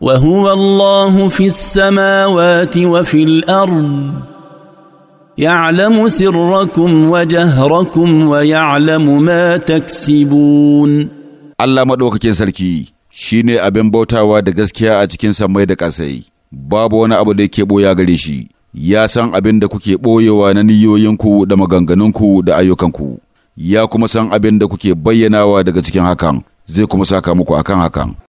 وهو الله في السماوات وفي الارض يعلم سركم وجهركم ويعلم ما تكسبون الله Maɗaukakin sarki shine abin bautawa da gaskiya a cikin samai da ƙasai babu wani abu da yake boya gare shi ya san abin da kuke boyewa na ku da maganganunku da ayyukanku ya kuma san abin da kuke bayyanawa daga cikin hakan zai kuma saka muku akan hakan